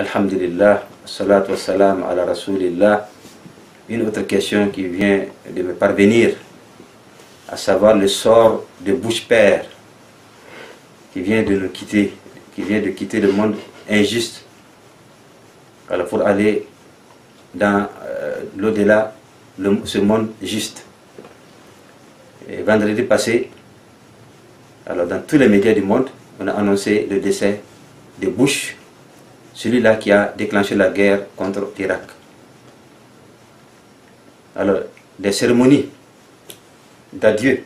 Alhamdulillah, salatu salam ala rasoulillah. Une autre question qui vient de me parvenir, à savoir le sort de Bush, père qui vient de nous quitter, qui vient de quitter le monde injuste, alors pour aller dans euh, l'au-delà, ce monde juste. Et vendredi passé, alors dans tous les médias du monde, on a annoncé le décès de Bush, celui-là qui a déclenché la guerre contre l'Irak. Alors, des cérémonies d'adieu.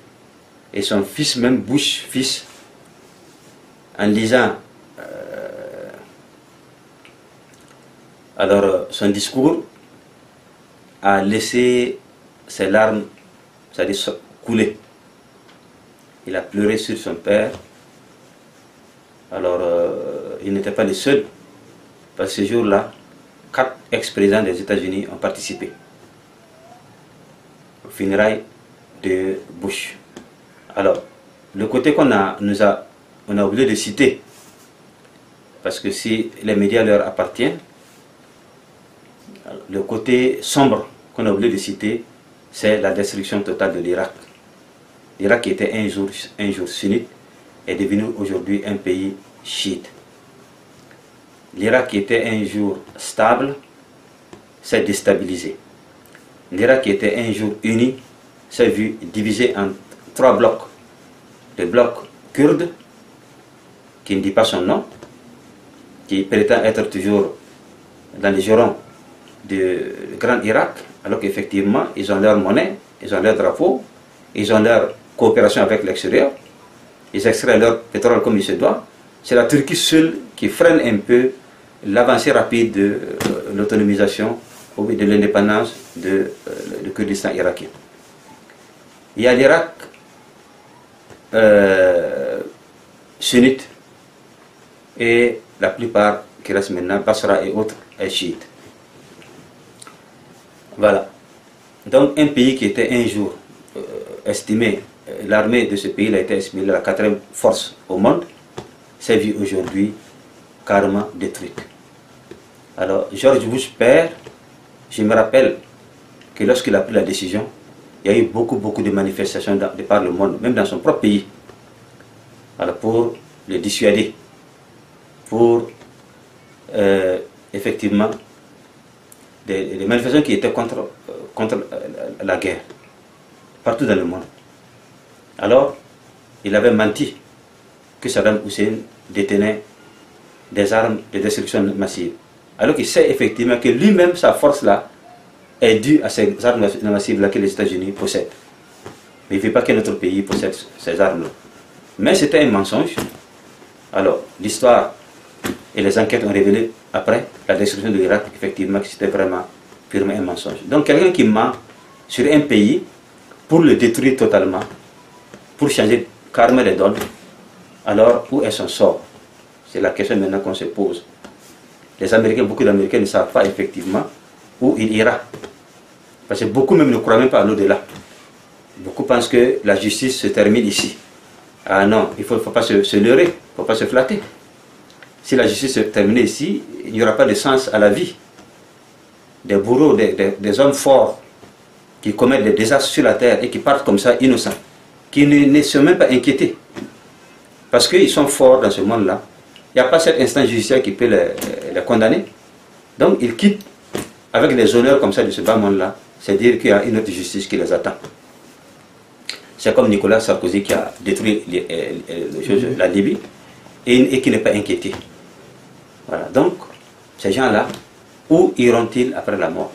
Et son fils, même Bush, fils, en lisant euh, alors son discours, a laissé ses larmes c'est-à-dire couler. Il a pleuré sur son père. Alors, euh, il n'était pas le seul parce que ce jour-là, quatre ex-présidents des États-Unis ont participé au funérailles de Bush. Alors, le côté qu'on a, nous a, on a oublié de citer, parce que si les médias leur appartiennent, le côté sombre qu'on a oublié de citer, c'est la destruction totale de l'Irak. L'Irak qui était un jour, un jour sunnite est devenu aujourd'hui un pays chiite l'Irak qui était un jour stable s'est déstabilisé. L'Irak qui était un jour uni s'est vu divisé en trois blocs. Le bloc kurde, qui ne dit pas son nom, qui prétend être toujours dans les jurons du Grand Irak, alors qu'effectivement, ils ont leur monnaie, ils ont leur drapeau, ils ont leur coopération avec l'extérieur, ils extraient leur pétrole comme il se doit. C'est la Turquie seule qui freine un peu l'avancée rapide de euh, l'autonomisation ou de l'indépendance du euh, Kurdistan irakien. Il y a l'Irak euh, sunnite et la plupart qui restent maintenant, Basra et autres, est chiite. Voilà. Donc un pays qui était un jour estimé, l'armée de ce pays a été estimée la quatrième force au monde, s'est vu aujourd'hui carrément détruite. Alors, George Bush père, je me rappelle que lorsqu'il a pris la décision, il y a eu beaucoup, beaucoup de manifestations de par le monde, même dans son propre pays, pour le dissuader, pour euh, effectivement des, manifestations qui étaient contre, euh, contre euh, la guerre, partout dans le monde. Alors, il avait menti que Saddam Hussein détenait des armes de destruction massive alors qu'il sait effectivement que lui-même, sa force-là, est due à ces armes massives-là que les États-Unis possèdent. Mais il ne veut pas que notre pays possède ces armes-là. Mais c'était un mensonge. Alors, l'histoire et les enquêtes ont révélé après la destruction de l'Irak, effectivement, que c'était vraiment purement un mensonge. Donc, quelqu'un qui ment sur un pays pour le détruire totalement, pour changer karma les donnes, alors où est son sort C'est la question maintenant qu'on se pose. Les Américains, beaucoup d'Américains ne savent pas effectivement où il ira. Parce que beaucoup même ne croient même pas à l'au-delà. Beaucoup pensent que la justice se termine ici. Ah non, il ne faut, pas se, se leurrer, il ne faut pas se flatter. Si la justice se termine ici, il n'y aura pas de sens à la vie. Des bourreaux, des, hommes forts qui commettent des désastres sur la terre et qui partent comme ça innocents, qui ne, ne sont même pas inquiétés. Parce qu'ils sont forts dans ce monde-là, il n'y a pas cet instant judiciaire qui peut les, condamner. Donc ils quittent avec les honneurs comme ça de ce bas monde-là, c'est à dire qu'il y a une autre justice qui les attend. C'est comme Nicolas Sarkozy qui a détruit mm-hmm. la Libye et, qui n'est pas inquiété. Voilà, donc ces gens-là, où iront-ils après la mort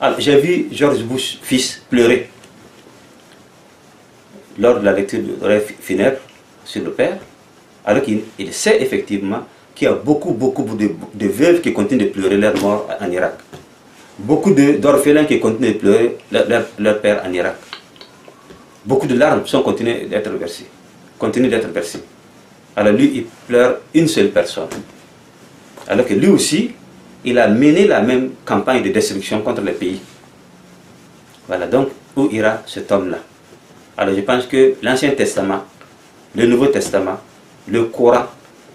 Alors j'ai vu George Bush, fils, pleurer lors de la lecture du rêve funèbre sur le père. Alors qu'il sait effectivement qu'il y a beaucoup, beaucoup de, de, veuves qui continuent de pleurer leur mort en Irak. Beaucoup d'orphelins qui continuent de pleurer leur, leur, père en Irak. Beaucoup de larmes sont continuées d'être versées. Continuent d'être versées. Alors lui, il pleure une seule personne. Alors que lui aussi, il a mené la même campagne de destruction contre le pays. Voilà donc où ira cet homme-là. Alors je pense que l'Ancien Testament, le Nouveau Testament, le Coran,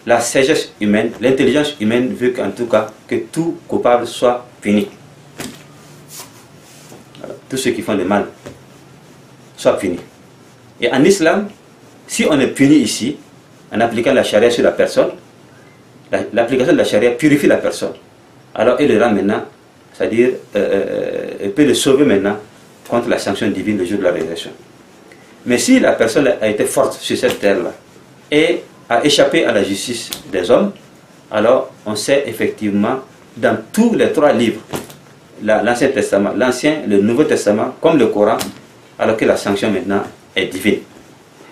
la sagesse humaine, l'intelligence humaine veut qu'en tout cas, que tout coupable soit puni. tous ceux qui font le mal soient punis. Et en islam, si on est puni ici, en appliquant la charia sur la personne, l'application de la charia purifie la personne. Alors elle le rend maintenant, c'est-à-dire, euh, euh, euh, elle peut le sauver maintenant contre la sanction divine le jour de la résurrection. Mais si la personne a été forte sur cette terre-là, et a échappé à la justice des hommes, alors on sait effectivement dans tous les trois livres, l'Ancien Testament, l'Ancien, le Nouveau Testament, comme le Coran, alors que la sanction maintenant est divine.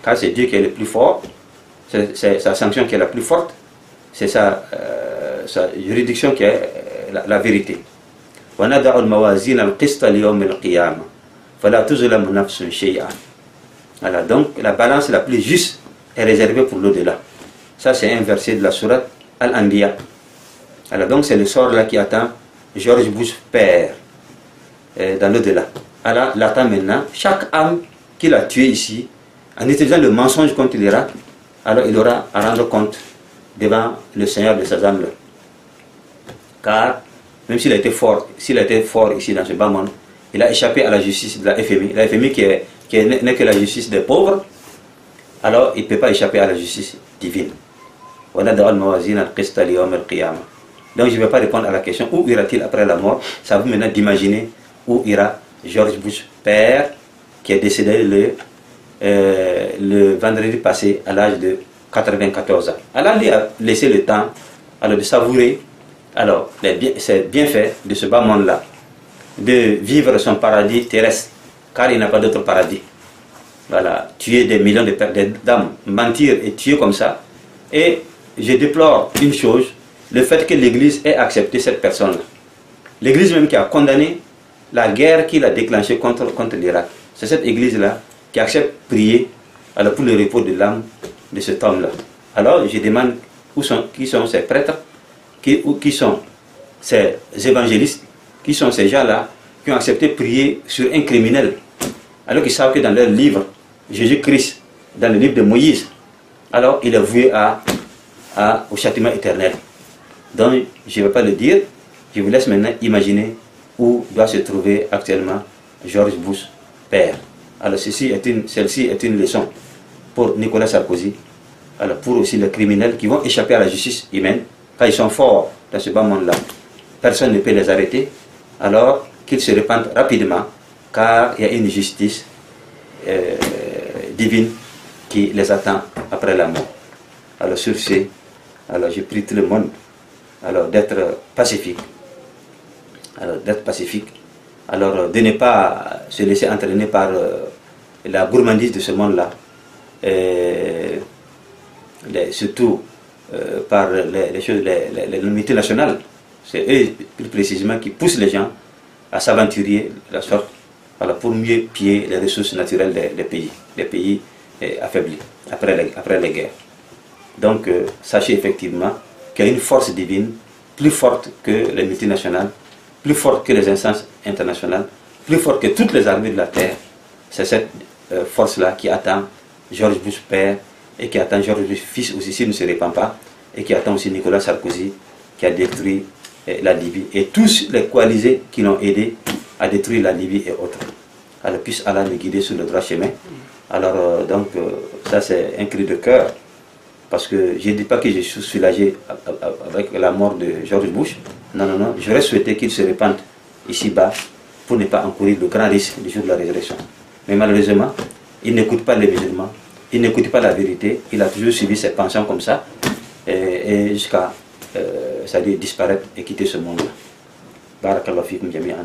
Car c'est Dieu qui est le plus fort, c'est sa sanction qui est la plus forte, c'est sa, euh, juridiction qui est euh, la, la, vérité. Voilà donc la balance la plus juste est réservé pour l'au-delà. Ça, c'est un verset de la sourate Al-Anbiya. Alors, donc, c'est le sort là qui attend George Bush père euh, dans l'au-delà. Alors, l'attend maintenant. Chaque âme qu'il a tuée ici, en utilisant le mensonge contre l'Irak, alors il aura à rendre compte devant le Seigneur de sa âme là. Car, même s'il a été fort, s'il a été fort ici dans ce bas monde, il a échappé à la justice de la FMI. La FMI qui n'est que la justice des pauvres, alors il ne peut pas échapper à la justice divine. Donc je ne vais pas répondre à la question où ira-t-il après la mort. Ça vous maintenant d'imaginer où ira George Bush, père, qui est décédé le, euh, le vendredi passé à l'âge de 94 ans. Alors, lui a laissé le temps alors, de savourer alors, bien bienfaits de ce bas monde-là, de vivre son paradis terrestre, car il n'a pas d'autre paradis voilà, tuer des millions de d'âmes, mentir et tuer comme ça. Et je déplore une chose, le fait que l'Église ait accepté cette personne-là. L'Église même qui a condamné la guerre qu'il a déclenchée contre, contre l'Irak. C'est cette Église-là qui accepte prier alors, pour le repos de l'âme de cet homme-là. Alors je demande où sont, qui sont ces prêtres, qui, qui sont ces évangélistes, qui sont ces gens-là qui ont accepté prier sur un criminel, alors qu'ils savent que dans leur livre, Jésus-Christ dans le livre de Moïse, alors il est voué à, au châtiment éternel. Donc, je ne vais pas le dire. Je vous laisse maintenant imaginer où doit se trouver actuellement George Bush, père. Alors, ceci est une, celle-ci est une leçon pour Nicolas Sarkozy, alors pour aussi les criminels qui vont échapper à la justice humaine, quand ils sont forts dans ce bas monde-là. Personne ne peut les arrêter, alors qu'ils se répandent rapidement, car il y a une justice euh, divine qui les attend après la mort. Alors sur ce, alors je prie tout le monde alors d'être pacifique. Alors d'être pacifique. Alors euh, de ne pas se laisser entraîner par euh, la gourmandise de ce monde-là. et surtout euh, par les, les choses, les, les, C'est eux plus précisément qui poussent les gens à s'aventurer la sorte pour mieux piller les ressources naturelles des, pays, des pays eh, affaiblis après les, après les guerres. Donc, euh, sachez effectivement qu'il y a une force divine plus forte que les multinationales, plus forte que les instances internationales, plus forte que toutes les armées de la Terre. C'est cette euh, force-là qui attend George Bush père et qui attend George Bush fils aussi s'il ne se répand pas, et qui attend aussi Nicolas Sarkozy qui a détruit eh, la Libye. Et tous les coalisés qui l'ont aidé à détruire la Libye et autres. Alors puisse Allah nous guider sur le droit chemin. Alors euh, donc euh, ça c'est un cri de cœur parce que je ne dis pas que je suis soulagé avec la mort de George Bush. Non, non, non. J'aurais souhaité qu'il se répande ici-bas pour ne pas encourir le grand risque du jour de la résurrection. Mais malheureusement, il n'écoute pas les musulmans, il n'écoute pas la vérité, il a toujours suivi ses pensions comme ça, et, jusqu'à, euh, ça dit, disparaître et quitter ce monde-là. allah fikum jami'an.